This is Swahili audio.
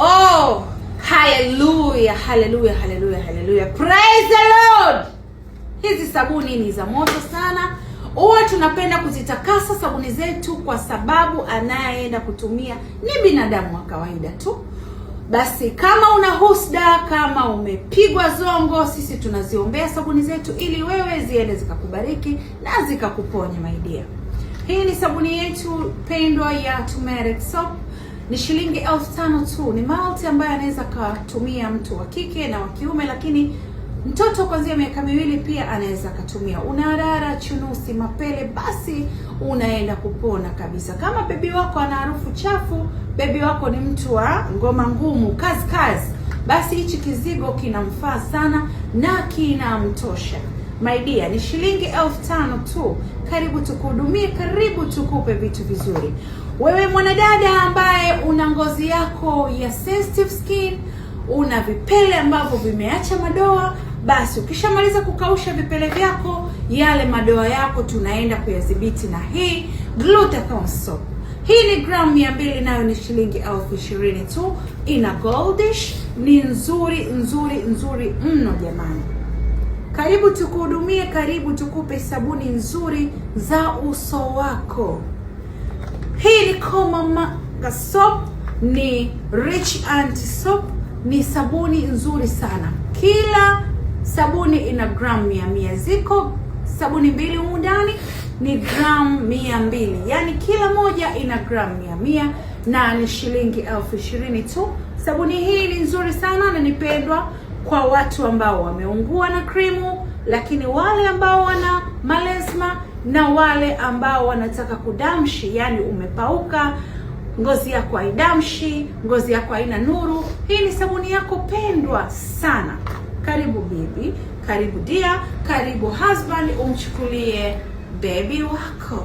Oh, haleluya, haleluya, haleluya, haleluya. Praise the Lord. Hizi sabuni ni za moto sana. Huwa tunapenda kuzitakasa sabuni zetu kwa sababu anayeenda kutumia ni binadamu wa kawaida tu. Basi kama una husda, kama umepigwa zongo, sisi tunaziombea sabuni zetu ili wewe ziende zikakubariki na zikakuponya my dear. Hii ni sabuni yetu pendwa ya turmeric soap ni shilingi elfu tano tu. Ni malti ambayo anaweza akatumia mtu wa kike na wa kiume, lakini mtoto kuanzia miaka miwili pia anaweza akatumia. Unarara chunusi, mapele, basi unaenda kupona kabisa. Kama bebi wako ana harufu chafu, bebi wako ni mtu wa ngoma ngumu, kazi kazi, basi hichi kizigo kinamfaa sana na kinamtosha. My dear, ni shilingi elfu tano tu. Karibu tukuhudumie, karibu tukupe vitu vizuri. Wewe mwanadada ambaye una ngozi yako ya sensitive skin, una vipele ambavyo vimeacha madoa, basi ukishamaliza kukausha vipele vyako, yale madoa yako tunaenda kuyadhibiti na hii Glutathione soap. Hii ni gramu mia mbili nayo ni shilingi elfu ishirini tu. Ina goldish, ni nzuri nzuri nzuri mno jamani. Karibu tukuhudumie, karibu tukupe sabuni nzuri za uso wako. Hii ni Komamanga soap, ni rich anti soap, ni sabuni nzuri sana. Kila sabuni ina gramu mia mia, ziko sabuni mbili humu ndani ni gramu mia mbili, yaani kila moja ina gramu mia mia na ni shilingi elfu ishirini tu. Sabuni hii ni nzuri sana na nipendwa kwa watu ambao wameungua na krimu, lakini wale ambao wana malezma na wale ambao wanataka kudamshi, yani umepauka, ngozi yako haidamshi, ngozi yako haina nuru. Hii ni sabuni yako pendwa sana. Karibu bibi, karibu dia, karibu husband, umchukulie baby wako.